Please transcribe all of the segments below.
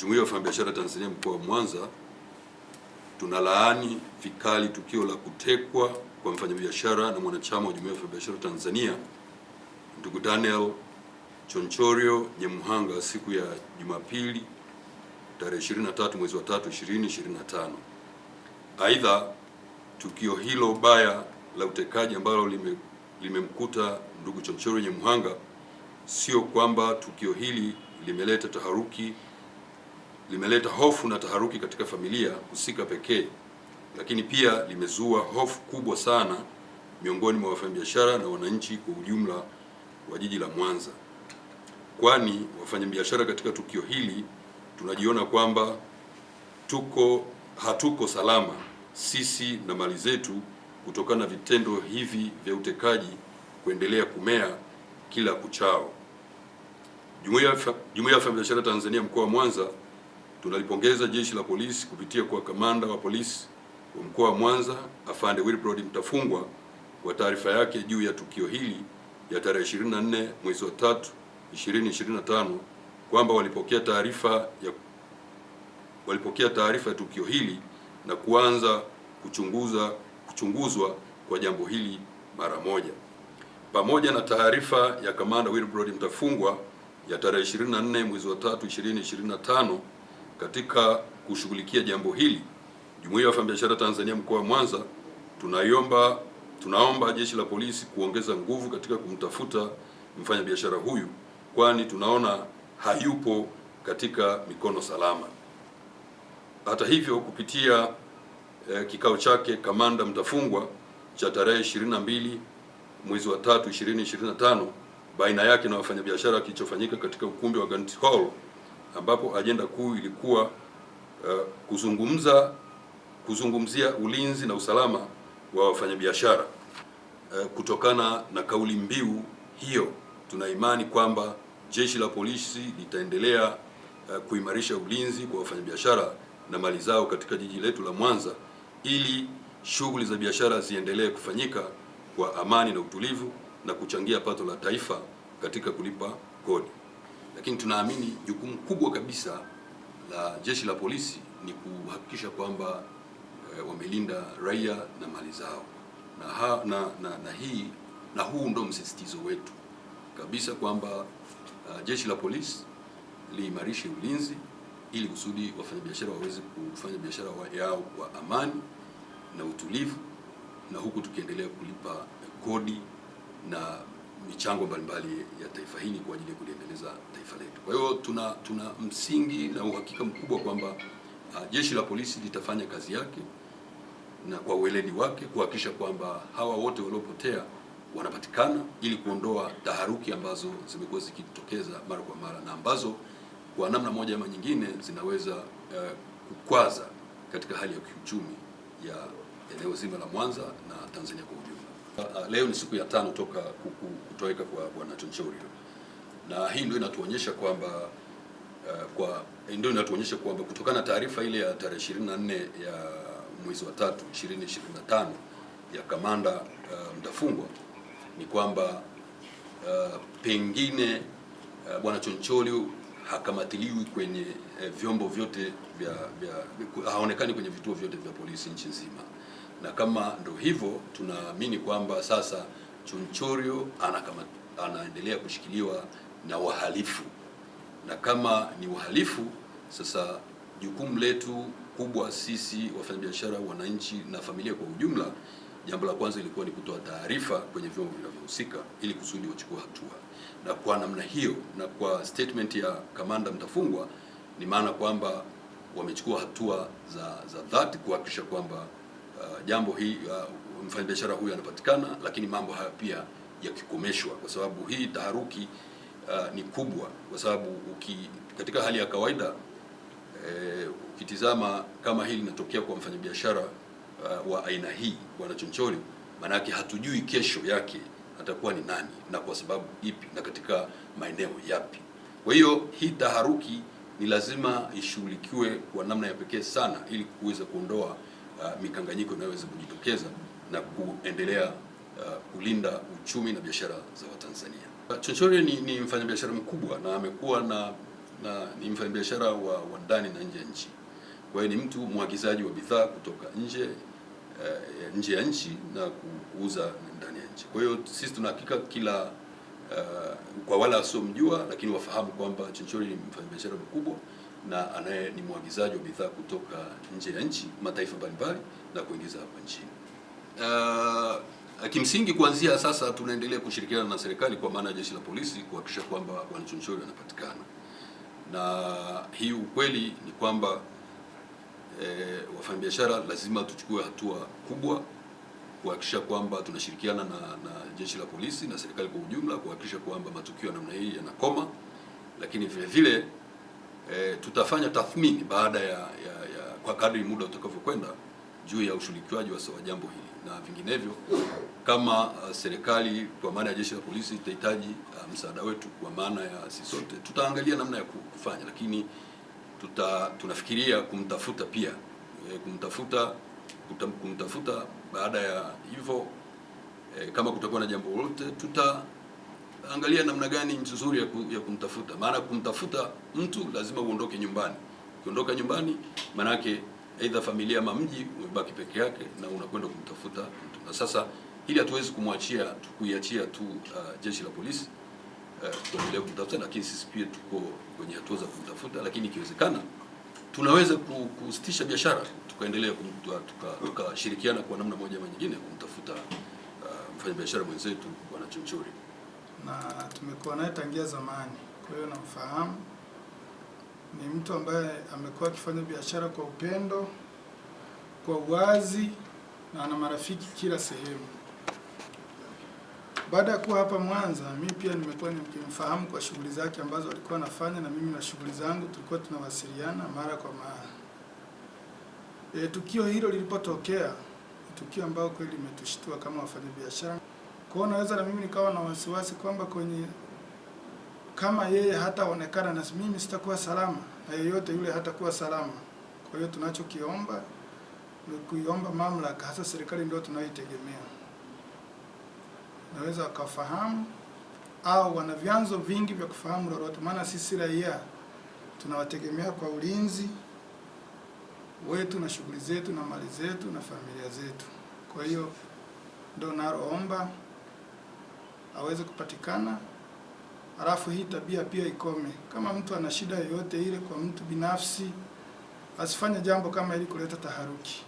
Jumuiya ya Wafanyabiashara Tanzania mkoa wa Mwanza tunalaani vikali tukio la kutekwa kwa mfanyabiashara na mwanachama wa Jumuiya ya Wafanyabiashara Tanzania ndugu Daniel Chonchorio Nyemuhanga siku ya Jumapili tarehe 23 mwezi wa 3 2025. Aidha, tukio hilo baya la utekaji ambalo lime limemkuta ndugu Chonchorio Nyemuhanga, sio kwamba tukio hili limeleta taharuki limeleta hofu na taharuki katika familia husika pekee, lakini pia limezua hofu kubwa sana miongoni mwa wafanyabiashara na wananchi kwa ujumla wa jiji la Mwanza, kwani wafanyabiashara katika tukio hili tunajiona kwamba tuko hatuko salama sisi na mali zetu kutokana na vitendo hivi vya utekaji kuendelea kumea kila kuchao. Jumuiya ya Wafanyabiashara Tanzania mkoa wa Mwanza Tunalipongeza Jeshi la Polisi kupitia kwa Kamanda wa Polisi wa Mkoa wa Mwanza, Afande Wilbrod Mtafungwa kwa taarifa yake juu ya tukio hili ya tarehe 24 mwezi wa 3 2025 kwamba walipokea taarifa ya walipokea taarifa ya tukio hili na kuanza kuchunguza kuchunguzwa kwa jambo hili mara moja. Pamoja na taarifa ya Kamanda Wilbrod Mtafungwa ya tarehe 24 mwezi wa 3 2025 katika kushughulikia jambo hili, Jumuiya ya Wafanyabiashara Tanzania mkoa wa Mwanza tunaiomba tunaomba jeshi la polisi kuongeza nguvu katika kumtafuta mfanyabiashara huyu, kwani tunaona hayupo katika mikono salama. Hata hivyo, kupitia eh, kikao chake kamanda mtafungwa cha tarehe 22 mwezi wa 3 2025 baina yake na wafanyabiashara kilichofanyika katika ukumbi wa Gantt Hall ambapo ajenda kuu ilikuwa uh, kuzungumza kuzungumzia ulinzi na usalama wa wafanyabiashara. Uh, kutokana na kauli mbiu hiyo, tuna imani kwamba jeshi la polisi litaendelea uh, kuimarisha ulinzi kwa wafanyabiashara na mali zao katika jiji letu la Mwanza ili shughuli za biashara ziendelee kufanyika kwa amani na utulivu na kuchangia pato la taifa katika kulipa kodi lakini tunaamini jukumu kubwa kabisa la jeshi la polisi ni kuhakikisha kwamba e, wamelinda raia na mali zao na, ha, na, na, na, hii, na huu ndo msisitizo wetu kabisa kwamba uh, jeshi la polisi liimarishe ulinzi ili kusudi wafanyabiashara waweze kufanya biashara yao kwa amani na utulivu, na huku tukiendelea kulipa kodi na michango mbalimbali ya taifa hili kwa ajili ya kuliendeleza taifa letu. Kwa hiyo tuna tuna msingi na uhakika mkubwa kwamba uh, jeshi la polisi litafanya kazi yake na kwa ueledi wake kuhakikisha kwamba hawa wote waliopotea wanapatikana ili kuondoa taharuki ambazo zimekuwa zikitokeza mara kwa mara na ambazo kwa namna moja ama nyingine zinaweza uh, kukwaza katika hali ya kiuchumi ya eneo zima la Mwanza na Tanzania kwa ujumla. Ah, leo ni siku ya tano toka kutoweka kwa bwana Chonchori, na hii ndio inatuonyesha kwamba eh, kwa ndio inatuonyesha kwamba kutokana na taarifa ile ya tarehe 24 ya mwezi wa tatu 2025 ya kamanda uh, Mtafungwa ni kwamba uh, pengine uh, bwana Chonchori hakamatiliwi kwenye uh, vyombo vyote vya, vya haonekani kwenye vituo vyote vya polisi nchi nzima na kama ndo hivyo, tunaamini kwamba sasa Chonchorio anaendelea kushikiliwa na wahalifu, na kama ni wahalifu sasa jukumu letu kubwa sisi wafanyabiashara, wananchi na familia kwa ujumla, jambo la kwanza ilikuwa ni kutoa taarifa kwenye vyombo vinavyohusika ili kusudi wachukua hatua, na kwa namna hiyo na kwa statement ya kamanda Mtafungwa ni maana kwamba wamechukua hatua za za dhati kuhakikisha kwamba uh, jambo hii uh, mfanyabiashara huyu anapatikana, lakini mambo haya pia yakikomeshwa, kwa sababu hii taharuki uh, ni kubwa, kwa sababu uki, katika hali ya kawaida eh, ukitizama kama hili linatokea kwa mfanyabiashara uh, wa aina hii bwana Chonchori, maanake hatujui kesho yake atakuwa ni nani na kwa sababu ipi na katika maeneo yapi. Kwa hiyo hii taharuki ni lazima ishughulikiwe kwa namna ya pekee sana ili kuweza kuondoa uh, mikanganyiko inayoweza kujitokeza na kuendelea uh, kulinda uchumi na biashara za Watanzania. Uh, Chonchori ni, ni mfanyabiashara mkubwa na amekuwa na, na ni mfanyabiashara wa, wa ndani na nje ya nchi. Kwa hiyo ni mtu mwagizaji wa bidhaa kutoka nje uh, nje ya nchi na kuuza ndani ya nchi. Kwa hiyo sisi tuna hakika kila uh, kwa wale wasiomjua, lakini wafahamu kwamba Chonchori ni mfanyabiashara mkubwa na anaye ni mwagizaji wa bidhaa kutoka nje ya nchi mataifa mbalimbali na kuingiza hapa nchini. Uh, kimsingi kuanzia sasa tunaendelea kushirikiana na serikali kwa maana ya jeshi la polisi kuhakikisha kwamba wanachochori wanapatikana, na hii ukweli ni kwamba eh, wafanyabiashara lazima tuchukue hatua kubwa kuhakikisha kwamba tunashirikiana na, na jeshi la polisi na serikali kwa ujumla kuhakikisha kwamba matukio ya namna hii yanakoma, lakini vile vile E, tutafanya tathmini baada ya, ya, ya kwa kadri muda utakavyokwenda juu ya ushirikiwaji wa jambo hili na vinginevyo, kama uh, serikali kwa maana ya jeshi la polisi itahitaji uh, msaada wetu kwa maana ya sisi sote, tutaangalia namna ya kufanya, lakini tuta, tunafikiria kumtafuta pia e, kumtafuta kumtafuta baada ya hivyo e, kama kutakuwa na jambo lolote tuta angalia namna gani nzuri ya, ku, ya kumtafuta. Maana kumtafuta mtu lazima uondoke nyumbani. Ukiondoka nyumbani, maanake aidha familia ama mji umebaki peke yake, na unakwenda kumtafuta mtu. Na sasa ili hatuwezi kumwachia kuiachia tu uh, jeshi la polisi uh, kuendelea kumtafuta, lakini sisi pia tuko kwenye hatua za kumtafuta, lakini ikiwezekana tunaweza kusitisha biashara tukaendelea tukashirikiana tuka kwa namna moja ama nyingine kumtafuta uh, mfanyabiashara mwenzetu bwana Chunchuri na tumekuwa naye tangia zamani, kwa hiyo namfahamu. Ni mtu ambaye amekuwa akifanya biashara kwa upendo, kwa uwazi na ana marafiki kila sehemu. Baada ya kuwa hapa Mwanza, mi pia nimekuwa nikimfahamu kwa shughuli zake ambazo alikuwa anafanya, na mimi na shughuli zangu tulikuwa tunawasiliana mara kwa mara. E, tukio hilo lilipotokea, tukio ambalo kweli limetushtua kama wafanyabiashara. Kwa hiyo naweza na mimi nikawa na wasiwasi kwamba kwenye kama yeye hataonekana na mimi sitakuwa salama na yeyote yule hatakuwa salama. Kwa hiyo tunachokiomba ni kuiomba mamlaka, hasa serikali ndio tunayoitegemea, naweza wakafahamu au wana vyanzo vingi vya kufahamu lolote, maana sisi raia tunawategemea kwa ulinzi wetu na shughuli zetu na mali zetu na familia zetu. Kwa hiyo ndo naomba aweze kupatikana, halafu hii tabia pia ikome. Kama mtu ana shida yoyote ile kwa mtu binafsi, asifanye jambo kama ili kuleta taharuki,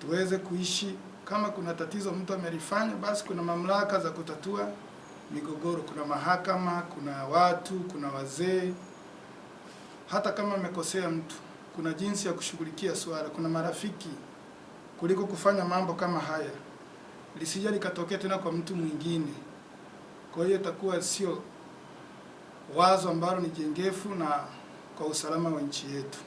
tuweze kuishi. Kama kuna tatizo mtu amelifanya, basi kuna mamlaka za kutatua migogoro, kuna mahakama, kuna watu, kuna wazee. Hata kama amekosea mtu, kuna jinsi ya kushughulikia swala, kuna marafiki, kuliko kufanya mambo kama haya lisija likatokea tena kwa mtu mwingine. Kwa hiyo itakuwa sio wazo ambalo ni jengefu na kwa usalama wa nchi yetu.